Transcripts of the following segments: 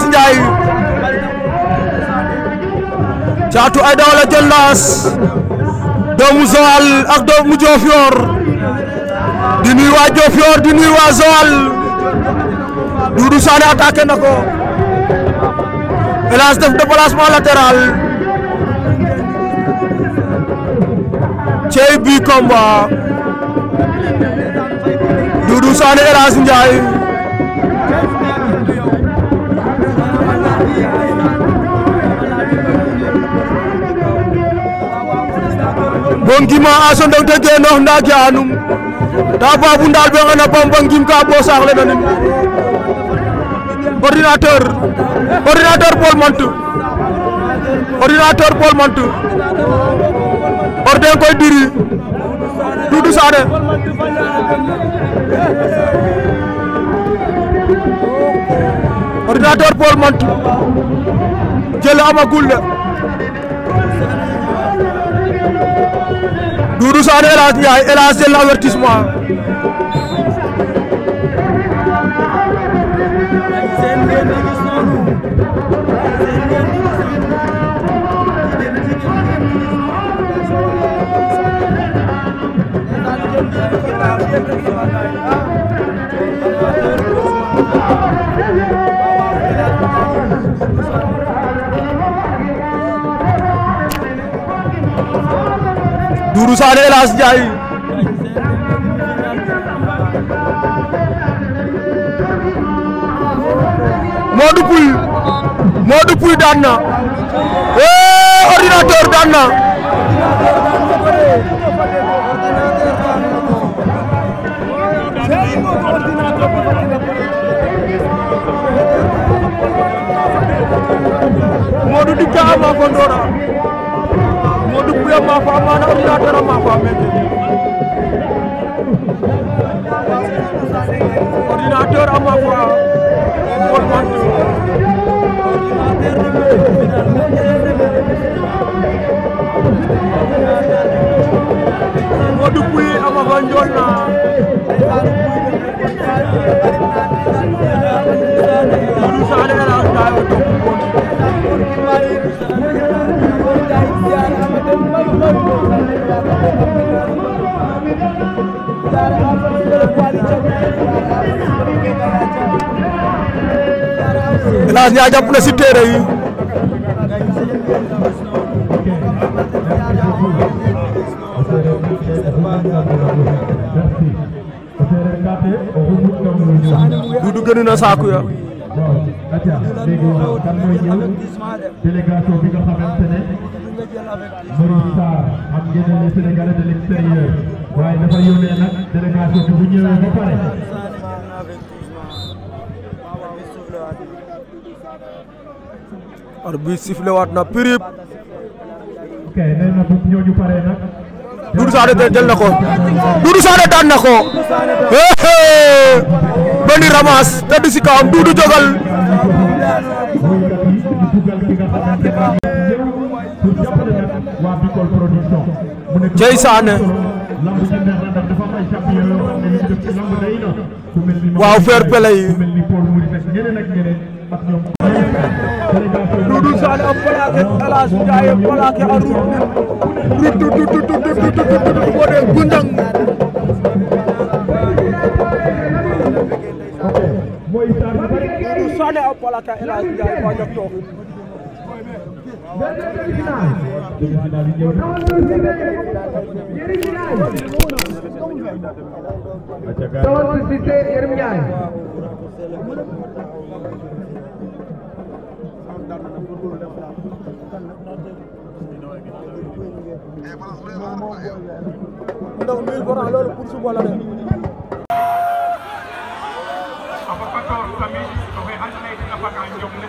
Lass Ndiaye Thiatou Aidara doomu Joal ak doomu Diofior di waa Diofior di waa Joal Doudou Sané attaqué na ko Lass def déplacement latéral cey bi combat Doudou Sané Lass bongima aso ndewte genoox ndaake anum ta babu ndaal ɓe ngena pam bongim ka bo saax le nanin ordinateur ordinateur Paul Menthe ordinateur Paul Menthe orden koy diri Doudou Sané ordinateur Paul Menthe jël amagul de Doudou Sané El Hadj Ndiaye El jël avertissement Doudou Sané Elhadj Ndiaye Modou Pouye Modou Pouye daan na Ordinateur daan na Modou Dib ka ama Fandora Modou Pouye a maafa a maana Ordinateur a maafa mene Ordinateur a maafa Paul Menthe Elhadj Ndiaye jàpp na si téere yi waaye dafa yónnee na prip ok nee na bu na ko Doudou Sané na ko benn ramas tëdd si kawam Doudou jógal lamb ji neex na ndax dafa am ay champion yoo xam ne li ñu def ci lamb day na ku mel ni waaw fair play yi ku mel ni Paul Mouride ak ñeneen ak ñeneen ak ñoom Doudou Sané am plaqué Alas Ndiaye plaqué a route route du du du du du moo dee gunjang Doudou Sané am plaqué Alas Ndiaye moo jot toog Yarı final. Yarı final. Tamam size yarı final. இந்த உண்மையில் போற அளவுல புடிச்சு போலாது அப்ப பக்கம் சமீஷ் தொகை அஞ்சனை பக்கம் அஞ்சு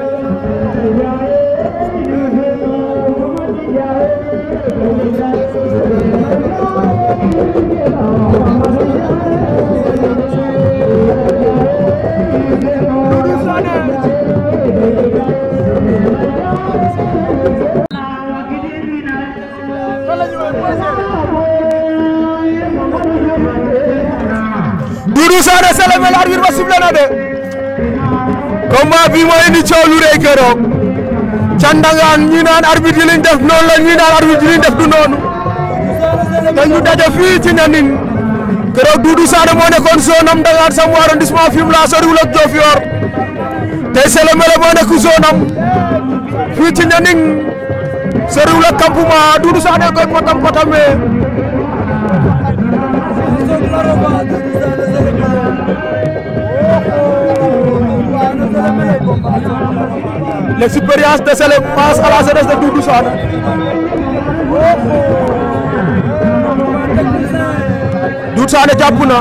Doudou Sané Sélé Mel arbitre ba sifflé na de combat bi moo indi coow lu rëy keroog candangaan ñi naan def du noonu te daje fii ci ñanin keroog Doudou Sané moo nekkoon zone am Ndangaan Sam arrondissement Fimela soriwul ak Diofior tey Sélé Mélé moo nekk fii ci ñanin soriwul ak campement Doudou Sané koy potam potamee l'expérience de Sélé passe à la jeunesse de Doudou Sané Doudou Sané jàpp na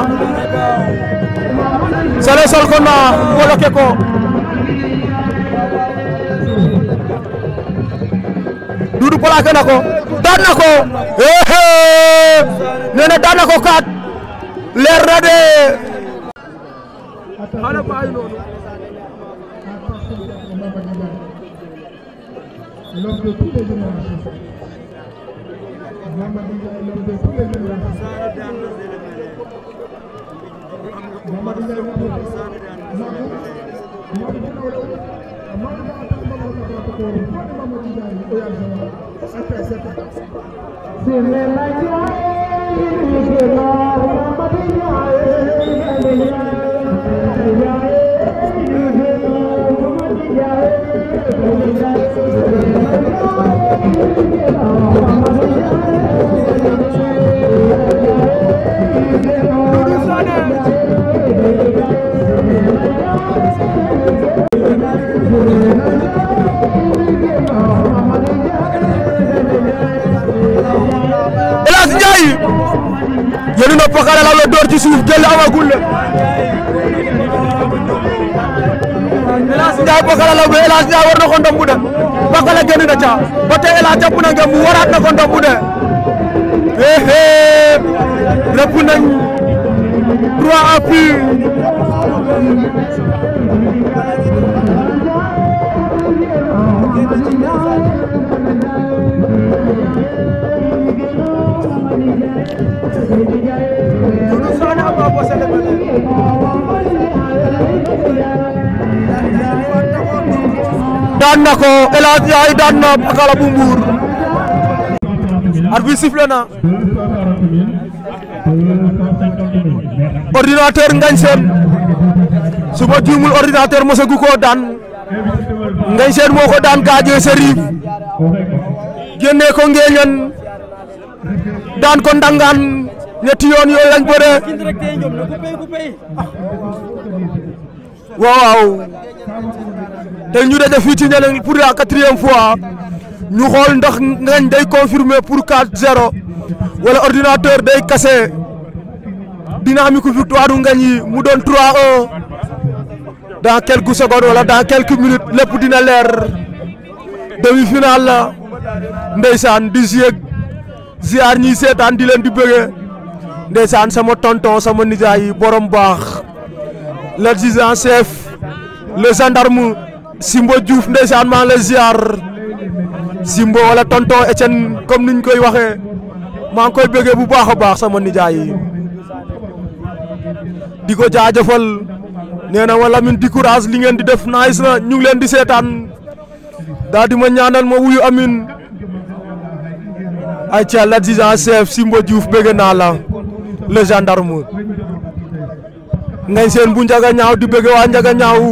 Sélé sol ko na bloqué ko Doudou plaqué na ko daan na ko nee na daan na ko kaat leer na de on m'a validé. L'homme de toutes les générations. Maman Diga est l'homme de toutes les générations. Maman Diga est l'homme de toutes les générations. Maman Diga est l'homme Yéen a pokal la door ci suuf jël amagul la Ndiaye Pakala la mais El war na ko ndombu de Pakala génn na ca ba tey El Hadj jàpp na nga mu waraat na ko ndombu de eh rëpp nañ trois appuis Thank Dan na ko El Hadj ya, Ndiaye na Pakala bu na ordinateur Ngagne Sène su ordinateur mosagu koo dan Ngagne Dan moo ko daan gaaje Serif genné ko ngeeñan dan ko ndangan ñetti yoon lañ bëré waaw te ñu daje fii ci Nianing pour la quatrième fois ñu xool ndax ngañ day confirmer pour 4-0 wala ordinateur day kase dynamique victoire ngañ yi mu doon 3-1 dans quelques secondes wala dans quelques minutes lépp dina leer demi-finale la ndeysaan di yëg ziar ñi seetaan di leen di bëggee ndeysaan sama tonton sama nijaay yi borom baax. l'adjudant en chef le gendarme Simbo Diouf ndeysaan maa lay ziar Simbo wala tonton Etienne comme niñ koy waxee maa ngi koy bëggee bu baax a baax sama nijaay di ko jaajëfal nee na ma Lamine di courage li ngeen di def nice na ñu leen di seetaan daal di ma ñaanal ma wuyu amin ay ca l'adjudant en chef Simbo Diouf bëgg naa la le gendarme ngay seen bu njaga ñaaw di bëgg wa njaga ñaaw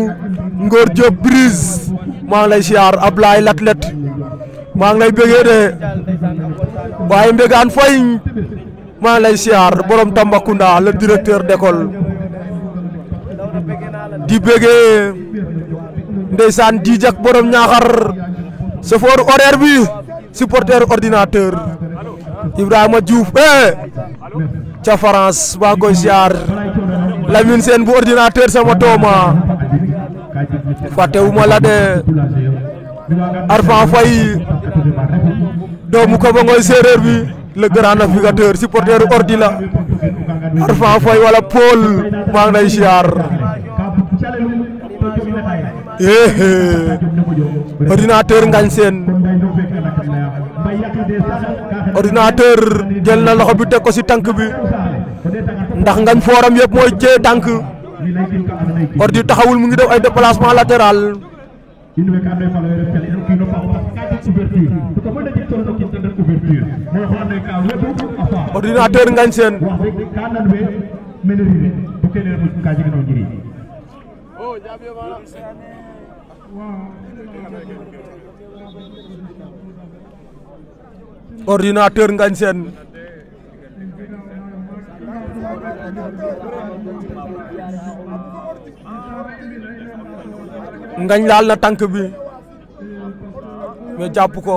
Ngor Diop Brise ma ngi lay siyaar Ablaye Latlet ma ngi lay de waye fay ma lay borom tambakunda le directeur d'école di bëggee ndeysaan di jak borom ce chauffeur horaire bi supporter ordinateur Ibrahima Diouf eh ca France ba koy Lamine Sène bu ordinateur sama dooma ah. fàttewuma la de Arfan Faye doomu ko ba ngoy séeréer bi le grand navigateur supporter ordi Arfan Faye wala Paul maa ngi lay siyaar eh, eh. ordinateur ngañ seen ordinateur jël na loxo bi teg ko ci tànk bi ndax ngañ fooram yëpp mooy cee tànk ordi taxawul mu ngi def ay déplacement latéral ordinateur ngañ sen ordinateur ngañ sen ngañ laal na tànk bi mais jàpp ko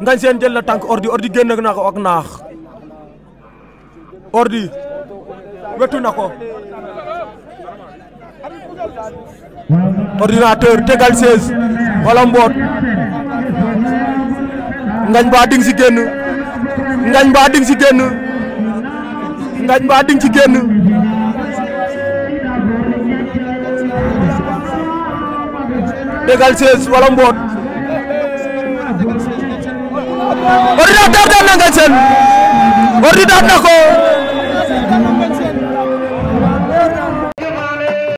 ngañ seen jël la tànk ordi ordi génn na ko ak naax ordi wetu na ko ordinateur tegal 16 wala mboot ngañ mbaa ding si génn ngañ mbaa ding si génn ngañ mbaa ding si génn dégal sees wala mboot ordinateur daan na ngañ seen ordinateur na ko